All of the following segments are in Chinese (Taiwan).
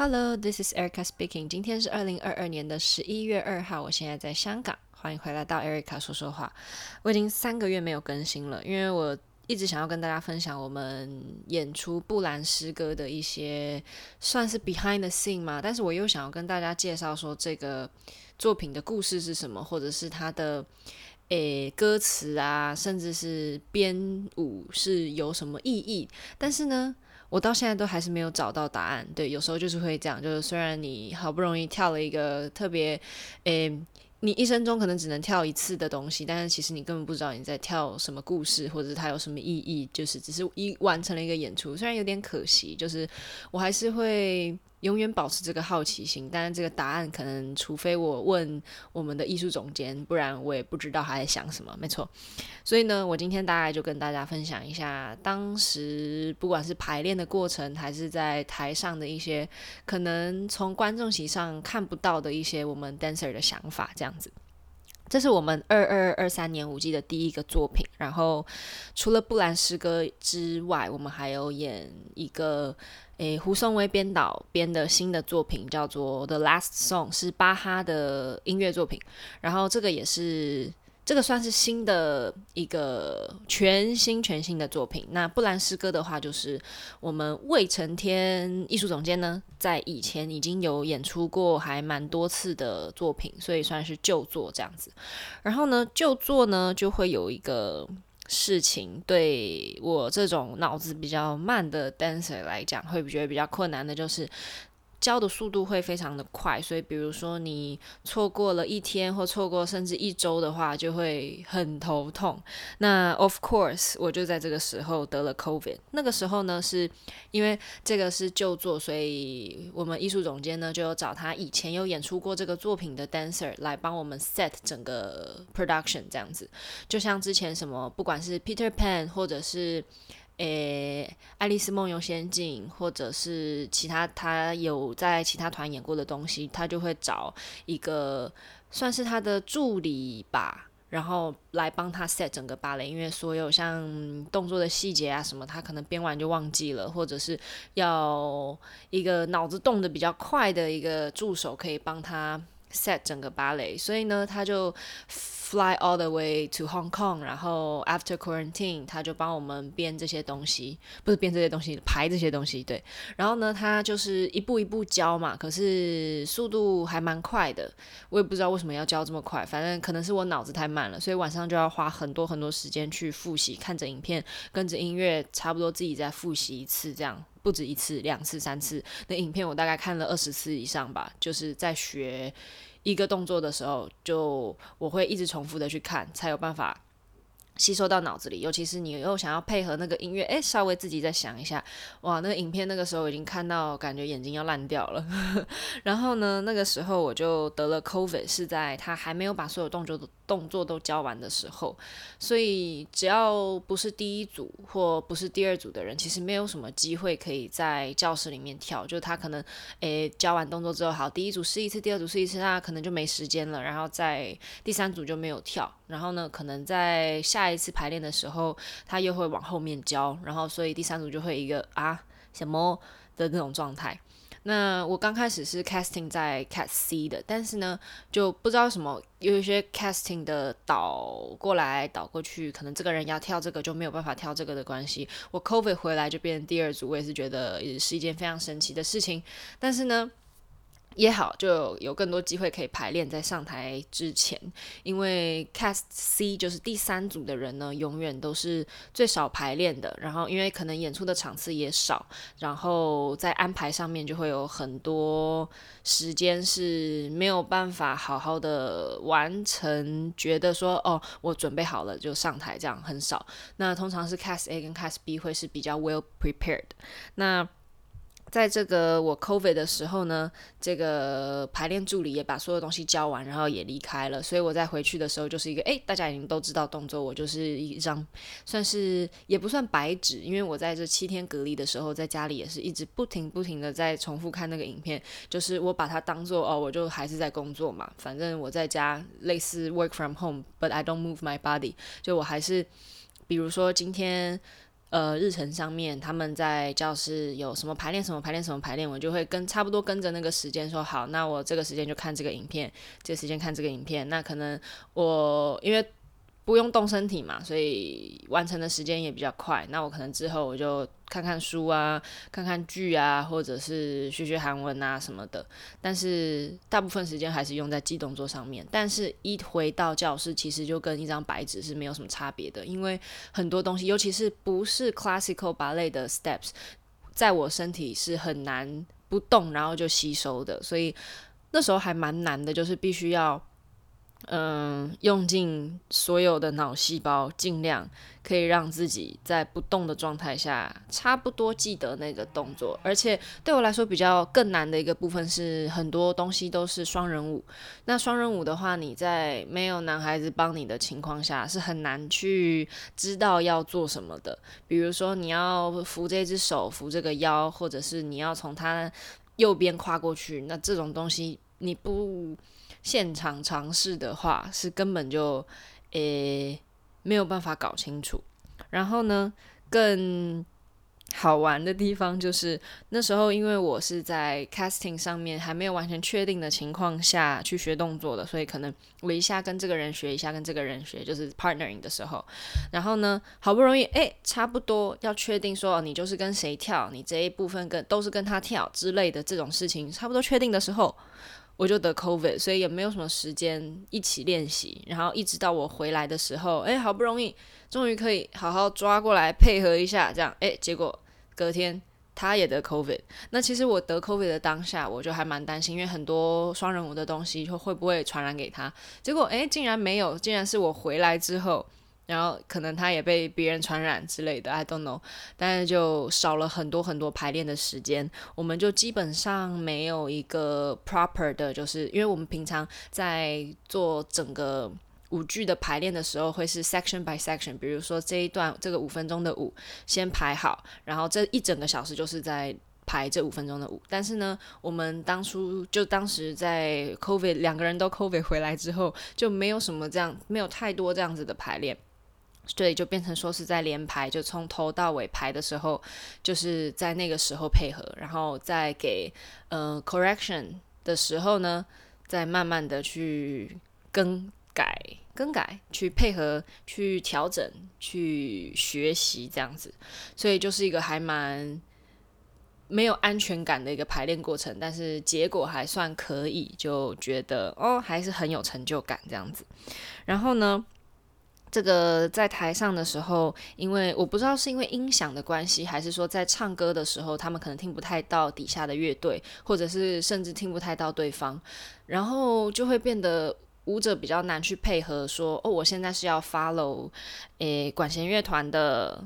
Hello, this is Erica speaking. 今天是二零二二年的十一月二號，我現在在香港，歡迎回來到 Erica 說說話。我已經三個月沒有更新了，因為我一直想要跟大家分享我們演出布蘭詩歌的一些，算是 behind the scene 嘛，但是我又想要跟大家介紹說這個作品的故事是什麼，或者是它的誒歌詞啊，甚至是編舞是有什麼意義，但是呢。我到現在都還是沒有找到答案。對，有時候就是會這樣，就是雖然你好不容易跳了一個特別，誒，你一生中可能只能跳一次的東西，但是其實你根本不知道你在跳什麼故事，或者它有什麼意義，就是只是一完成了一個演出，雖然有點可惜，就是我還是會。永遠保持這個好奇心，當然，這個答案可能，除非我問我們的藝術總監，不然我也不知道他在想什麼。沒錯，所以呢，我今天大概就跟大家分享一下，當時不管是排練的過程，還是在台上的一些，可能從觀眾席上看不到的一些我們 dancer 的想法，這樣子。這是我們二〇二三年舞季的第一個作品。然後，除了布蘭詩歌之外，我們還有演一個誒、欸、胡松威編導編的新的作品，叫做《The Last Song》，是巴哈的音樂作品。然後這個也是。這個算是新的一個全新全新的作品。那布蘭詩歌的話，就是我們未成天藝術總監呢，在以前已經有演出過還蠻多次的作品，所以算是舊作這樣子。然後呢，舊作呢就會有一個事情，對我這種腦子比較慢的 dancer 來講，會覺得比較困難的就是。教的速度會非常的快，所以比如說你錯過了一天或錯過甚至一周的話，就會很頭痛。那 of course，我就在這個時候得了 COVID。那個時候呢，是因為這個是舊作，所以我們藝術總監呢就有找他以前有演出過這個作品的 dancer 來幫我們 set 整個 production 這樣子，就像之前什麼，不管是 Peter Pan 或者是。誒，欸《愛麗絲夢遊仙境》，或者是其他他有在其他團演過的東西，他就會找一個算是他的助理吧，然後來幫他 set 整個芭蕾，因為所有像動作的細節啊什麼，他可能編完就忘記了，或者是要一個腦子動得比較快的一個助手可以幫他 set 整個芭蕾，所以呢，他就。Fly all the way to Hong Kong，然後 after quarantine，他就幫我們編這些東西，不是編這些東西，排這些東西。對，然後呢，他就是一步一步教嘛，可是速度還蠻快的。我也不知道為什麼要教這麼快，反正可能是我腦子太慢了，所以晚上就要花很多很多時間去複習，看着影片，跟着音樂，差不多自己再複習一次這樣，不止一次，兩次、三次。那影片我大概看了二十次以上吧，就是在學。一個動作的時候，就我會一直重複的去看，才有辦法，吸收到腦子裡，尤其是你又想要配合那個音樂，誒，稍微自己再想一下，哇，那個影片，那個時候已經看到，感覺眼睛要爛掉了。 然後呢，那個時候我就得了 COVID，是在他還沒有把所有動作的動作都教完的時候。所以只要不是第一組或不是第二組的人，其實沒有什麼機會可以在教室裡面跳，就是他可能，誒，教完動作之後，好，第一組試一次，第二組試一次，那可能就沒時間了，然後在第三組就沒有跳。然後呢，可能在下一次排練的時候，他又會往後面教，然後所以第三組就會一個啊什麼的那種狀態。那我剛開始是 casting 在 cast C 的，但是呢，就不知道什麼，有一些 casting 的倒過來倒過去，可能這個人要跳這個就沒有辦法跳這個的關係。我 COVID 回來就變成第二組，我也是覺得也是一件非常神奇的事情。但是呢。也好，就有更多機會可以排練在上台之前，因為 cast C 就是第三組的人呢，永遠都是最少排練的。然後，因為可能演出的場次也少，然後在安排上面就會有很多時間是沒有辦法好好的完成。覺得說，哦，我準備好了就上台，這樣很少。那通常是 cast A 跟 cast B 會是比較 well prepared。那在這個我 COVID 的時候呢，這個排練助理也把所有東西教完，然後也離開了。所以我在回去的時候，就是一個哎，大家已經都知道動作，我就是一張算是也不算白紙，因為我在這七天隔離的時候，在家裡也是一直不停不停的在重複看那個影片，就是我把它當做哦，我就還是在工作嘛，反正我在家類似 work from home，but I don't move my body，就我還是比如說今天。呃，日程上面他們在教室有什麼排練，什麼排練，什麼排練，我就會跟差不多跟着那個時間說好，那我這個時間就看這個影片，這個時間看這個影片，那可能我因為。不用動身體嘛，所以完成的時間也比較快。那我可能之後我就看看書啊，看看劇啊，或者是學學韓文啊什麼的。但是大部分時間還是用在記動作上面。但是一回到教室，其實就跟一張白紙是沒有什麼差別的，因為很多東西，尤其是不是 classical ballet 的 steps，在我身體是很難不動然後就吸收的。所以那時候還蠻難的，就是必須要。嗯，用盡所有的腦細胞，盡量可以讓自己在不動的狀態下，差不多記得那個動作。而且對我來說，比較更難的一個部分是，很多東西都是雙人舞。那雙人舞的話，你在沒有男孩子幫你的情況下，是很難去知道要做什麼的。比如說，你要扶這隻手，扶這個腰，或者是你要從他右邊跨過去，那這種東西你不。現場嘗試的話，是根本就誒，沒有辦法搞清楚。然後呢，更好玩的地方就是那時候，因為我是在 casting 上面還沒有完全確定的情況下去學動作的，所以可能我一下跟這個人學，一下跟這個人學，就是 partnering 的時候。然後呢，好不容易誒，差不多要確定說，你就是跟誰跳，你這一部分跟都是跟他跳之類的這種事情，差不多確定的時候。我就得 COVID，所以也沒有什麼時間一起練習。然後一直到我回來的時候，欸，好不容易，終於可以好好抓過來配合一下，這樣，欸，結果隔天他也得 COVID。那其實我得 COVID 的當下，我就還蠻擔心，因為很多雙人舞的東西就會不會傳染給他？結果，欸，竟然沒有，竟然是我回來之後。然後可能他也被別人傳染之類的，I don't know。但是就少了很多很多排練的時間，我們就基本上沒有一個 proper 的，就是因為我們平常在做整個舞劇的排練的時候，會是 section by section。比如說這一段這個五分鐘的舞先排好，然後這一整個小時就是在排這五分鐘的舞。但是呢，我們當初就當時在 COVID 兩個人都 COVID 回來之後，就沒有什麼這樣，沒有太多這樣子的排練。對，就變成說是在連排，就從頭到尾排的時候，就是在那個時候配合，然後再給呃 correction 的時候呢，再慢慢的去更改、更改、去配合、去調整、去學習這樣子。所以就是一個還蠻沒有安全感的一個排練過程，但是結果還算可以，就覺得哦還是很有成就感這樣子。然後呢？這個在台上的時候，因為我不知道是因為音響的關係，還是說在唱歌的時候，他們可能聽不太到底下的樂隊，或者是甚至聽不太到對方，然後就會變得舞者比較難去配合說，說哦，我現在是要 follow 誒管弦樂團的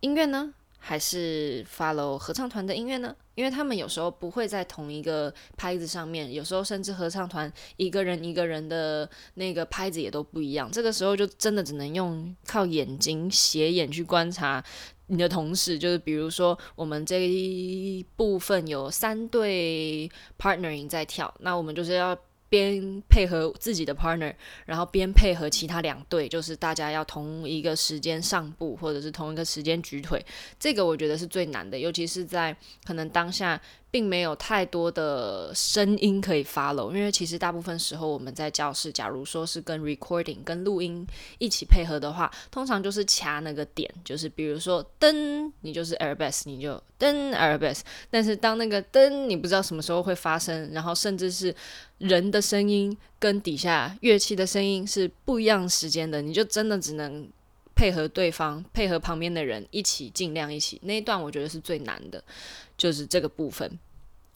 音樂呢？還是 follow 合唱團的音樂呢？因為他們有時候不會在同一個拍子上面，有時候甚至合唱團一個人一個人的那個拍子也都不一樣。這個時候就真的只能用靠眼睛斜眼去觀察你的同事，就是比如說我們這一部分有三對 partnering 在跳，那我們就是要。邊配合自己的 partner，然後邊配合其他兩隊，就是大家要同一個時間上步，或者是同一個時間舉腿，這個我覺得是最難的，尤其是在可能當下。並沒有太多的聲音可以 follow，因為其實大部分時候我們在教室，假如說是跟 recording 跟錄音一起配合的話，通常就是掐那個點，就是比如說噔，你就是 arabesque 你就噔 arabesque，但是當那個噔你不知道什麼時候會發生，然後甚至是人的聲音跟底下樂器的聲音是不一樣時間的，你就真的只能。配合對方，配合旁邊的人一起，盡量一起。那一段我覺得是最難的，就是這個部分。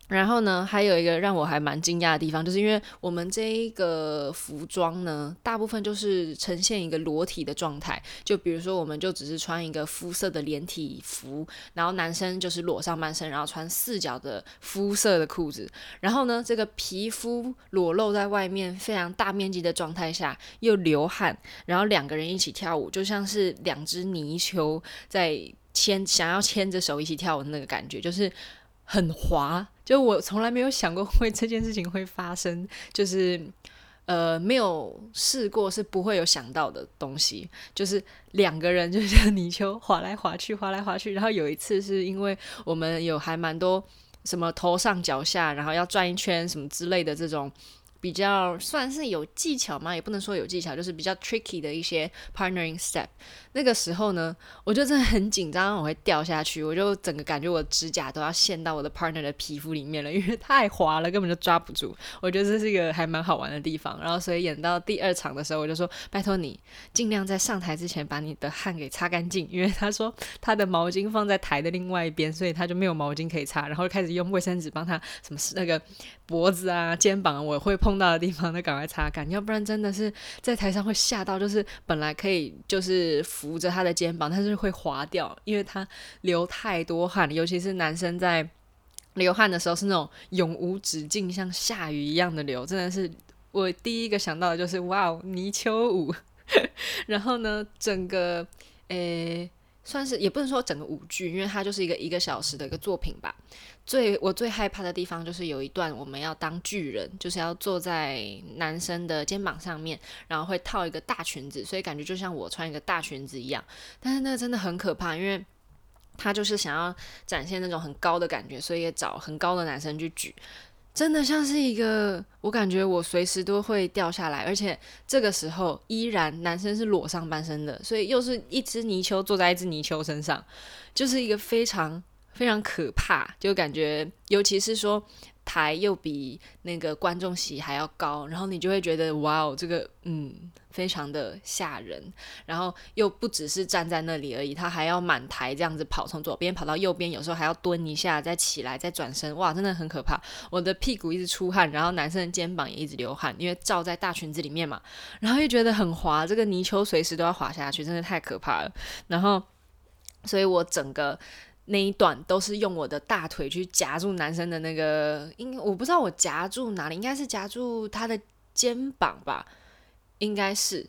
然後呢，還有一個讓我還蠻驚訝的地方，就是因為我們這一個服裝呢，大部分就是呈現一個裸體的狀態。就比如說，我們就只是穿一個膚色的連體服，然後男生就是裸上半身，然後穿四角的膚色的褲子。然後呢，這個皮膚裸露在外面，非常大面積的狀態下又流汗，然後兩個人一起跳舞，就像是兩隻泥鰍在牽，想要牽着手一起跳舞的那個感覺，就是。很滑，就我從來沒有想過會這件事情會發生，就是呃沒有試過是不會有想到的東西，就是兩個人就像泥鰍滑來滑去，滑來滑去，然後有一次是因為我們有還蠻多什麼頭上腳下，然後要轉一圈什麼之類的這種。比較算是有技巧嗎？也不能說有技巧，就是比較 tricky 的一些 partnering step。那個時候呢，我就真的很緊張，我會掉下去，我就整個感覺我指甲都要陷到我的 partner 的皮膚裡面了，因為太滑了，根本就抓不住。我覺得這是一個還蠻好玩的地方。然後所以演到第二場的時候，我就說：“拜托你盡量在上台之前把你的汗給擦乾淨。”因為他說他的毛巾放在台的另外一邊，所以他就沒有毛巾可以擦，然後開始用衛生紙幫他什麼那個脖子啊、肩膀，我會碰。碰到的地方都趕快擦乾，要不然真的是在台上會嚇到。就是本來可以就是扶着他的肩膀，但是會滑掉，因為他流太多汗。尤其是男生在流汗的時候，是那種永無止境，像下雨一樣的流。真的是我第一個想到的就是哇哦，泥鰍舞。 然後呢，整個誒。算是也不能說整個舞劇，因為它就是一個一個小時的一個作品吧。最我最害怕的地方就是有一段我們要當巨人，就是要坐在男生的肩膀上面，然後會套一個大裙子，所以感覺就像我穿一個大裙子一樣。但是那真的很可怕，因為他就是想要展現那種很高的感覺，所以也找很高的男生去舉。真的像是一個，我感覺我隨時都會掉下來，而且這個時候依然男生是裸上半身的，所以又是一隻泥鰍坐在一隻泥鰍身上，就是一個非常非常可怕，就感覺尤其是說。臺又比那個觀眾席還要高，然後你就會覺得哇哦，這個嗯，非常的嚇人。然後又不只是站在那裡而已，他還要滿臺這樣子跑，從左邊跑到右邊，有時候還要蹲一下再起來再轉身，哇，真的很可怕。我的屁股一直出汗，然後男生的肩膀也一直流汗，因為罩在大裙子裡面嘛，然後又覺得很滑，這個泥鰍隨時都要滑下去，真的太可怕了。然後，所以我整個。那一段都是用我的大腿去夾住男生的那個，應，我不知道我夾住哪裡，應該是夾住他的肩膀吧，應該是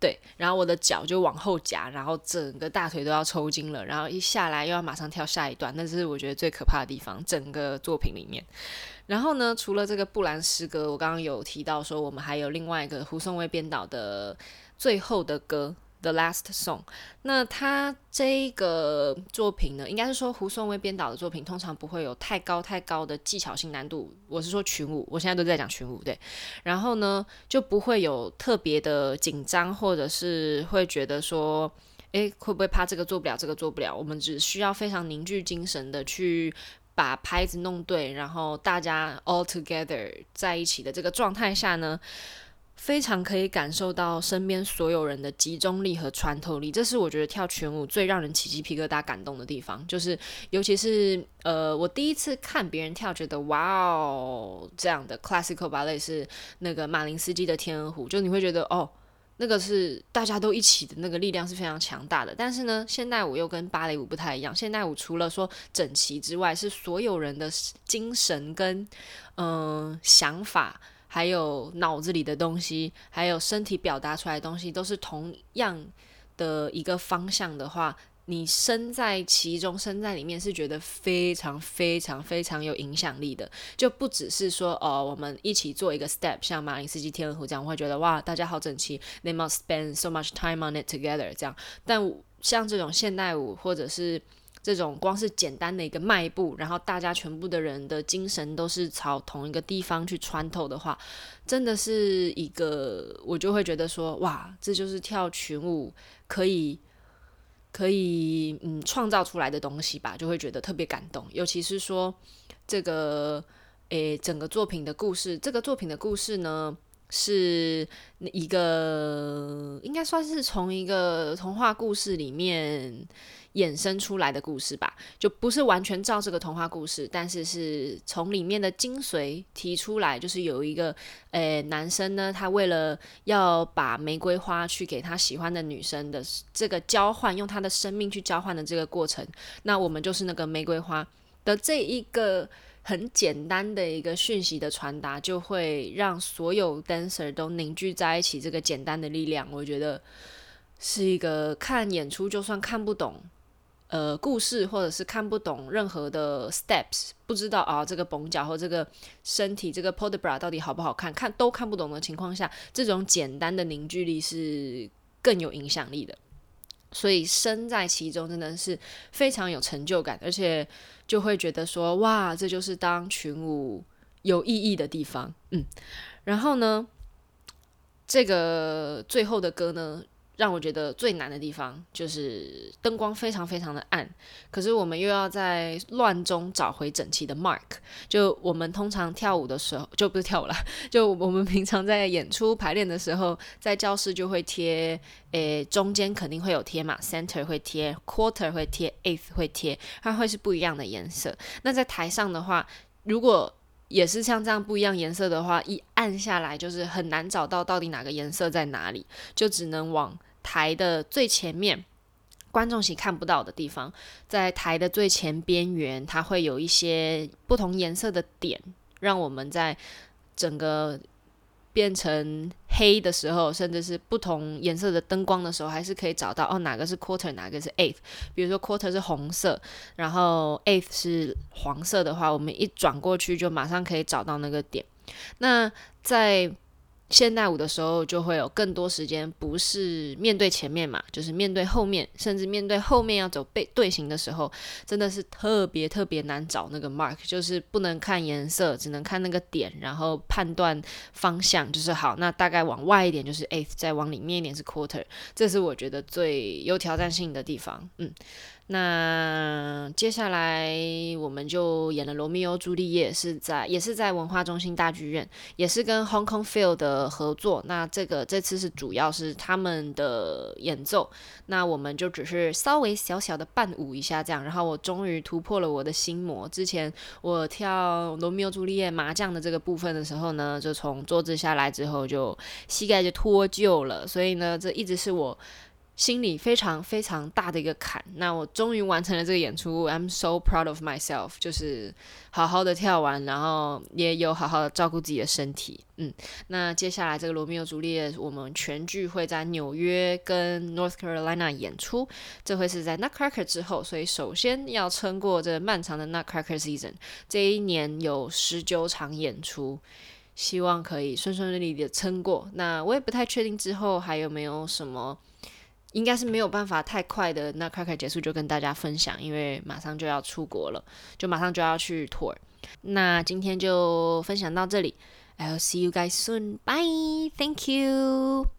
對。然後我的腳就往後夾，然後整個大腿都要抽筋了，然後一下來又要馬上跳下一段，那這是我覺得最可怕的地方，整個作品裡面。然後呢，除了這個布蘭詩歌，我剛剛有提到說，我們還有另外一個胡松威編導的《最後的歌》。The last song，那他這個作品呢，應該是說胡頌威編導的作品，通常不會有太高太高的技巧性難度。我是說群舞，我現在都在講群舞，對。然後呢，就不會有特別的緊張，或者是會覺得說，誒、欸、會不會怕這個做不了，這個做不了？我們只需要非常凝聚精神的去把拍子弄對，然後大家 all together 在一起的這個狀態下呢。非常可以感受到身邊所有人的集中力和穿透力，這是我覺得跳群舞最讓人起雞皮疙瘩、感動的地方。就是，尤其是呃，我第一次看別人跳，覺得哇哦，這樣的 classical ballet 是那個馬林斯基的天鵝湖，就你會覺得哦，那個是大家都一起的那個力量是非常強大的。但是呢，現代舞又跟芭蕾舞不太一樣，現代舞除了說整齊之外，是所有人的精神跟嗯、呃、想法。還有腦子裡的東西，還有身體表達出來的東西，都是同樣的一個方向的話，你身在其中，身在裡面是覺得非常非常非常有影響力的，就不只是說哦，我們一起做一個 step，像馬林斯基天鵝湖這樣，我會覺得哇，大家好整齊，They must spend so much time on it together，這樣，但像這種現代舞或者是。這種光是簡單的一個邁步，然後大家全部的人的精神都是朝同一個地方去穿透的話，真的是一個我就會覺得說，哇，這就是跳群舞可以可以嗯創造出來的東西吧，就會覺得特別感動。尤其是說這個誒整個作品的故事，這個作品的故事呢。是一個應該算是從一個童話故事裡面衍生出來的故事吧，就不是完全照這個童話故事，但是是從裡面的精髓提出來，就是有一個呃、欸、男生呢，他為了要把玫瑰花去給他喜歡的女生的這個交換，用他的生命去交換的這個過程，那我們就是那個玫瑰花的這一個。很簡單的一個訊息的傳達，就會讓所有 dancer 都凝聚在一起。這個簡單的力量，我覺得是一個看演出就算看不懂，呃，故事或者是看不懂任何的 steps，不知道啊這個繃腳或這個身體這個 port de bras 到底好不好看，看都看不懂的情況下，這種簡單的凝聚力是更有影響力的。所以身在其中真的是非常有成就感，而且。就會覺得說，哇，這就是當群舞有意義的地方。嗯，然後呢，這個最後的歌呢。讓我覺得最難的地方就是燈光非常非常的暗，可是我們又要在亂中找回整齊的 mark。就我們通常跳舞的時候，就不是跳舞啦，就我們平常在演出排練的時候，在教室就會貼，誒，中間肯定會有貼嘛，center 會貼，quarter 會貼，eighth 會貼，它會是不一樣的顏色。那在台上的話，如果也是像這樣不一樣顏色的話，一按下來就是很難找到到底哪個顏色在哪裡，就只能往台的最前面，觀眾席看不到的地方，在台的最前邊緣，它會有一些不同顏色的點，讓我們在整個。變成黑的時候，甚至是不同顏色的燈光的時候，還是可以找到哦，哪個是 quarter，哪個是 eighth。比如說 quarter 是紅色，然後 eighth 是黃色的話，我們一轉過去就馬上可以找到那個點。那在現代舞的時候就會有更多時間，不是面對前面嘛，就是面對後面，甚至面對後面要走背隊形的時候，真的是特別特別難找那個 mark，就是不能看顏色，只能看那個點，然後判斷方向，就是好，那大概往外一點就是 eighth，再往裡面一點是 quarter，這是我覺得最有挑戰性的地方，嗯。那接下來我們就演了《羅密歐朱麗葉》，是在也是在文化中心大劇院，也是跟 Hong Kong Phil 的合作。那這個這次是主要是他們的演奏，那我們就只是稍微小小的伴舞一下這樣。然後我終於突破了我的心魔。之前我跳《羅密歐朱麗葉》麻將的這個部分的時候呢，就從桌子下來之後就膝蓋就脫臼了，所以呢，這一直是我。心裡非常非常大的一個坎，那我終於完成了這個演出，I'm so proud of myself，就是好好的跳完，然後也有好好的照顧自己的身體，嗯，那接下來這個羅密歐朱麗葉，我們全劇會在紐約跟 North Carolina 演出，這會是在 Nutcracker 之後，所以首先要撐過這漫長的 Nutcracker season，這一年有十九場演出，希望可以順順利利的撐過。那我也不太確定之後還有沒有什麼。應該是沒有辦法太快的，那快快結束就跟大家分享，因為馬上就要出國了，就馬上就要去 tour。那今天就分享到這裡，I'll see you guys soon. Bye. Thank you.